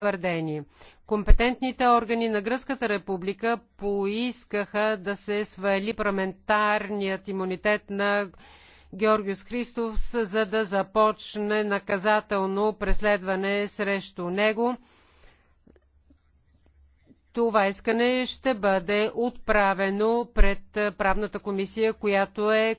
твърдение. Компетентните органи на Гръцката република поискаха да се свали парламентарният имунитет на Георгиус Христов, за да започне наказателно преследване срещу него. Това искане ще бъде отправено пред правната комисия, която е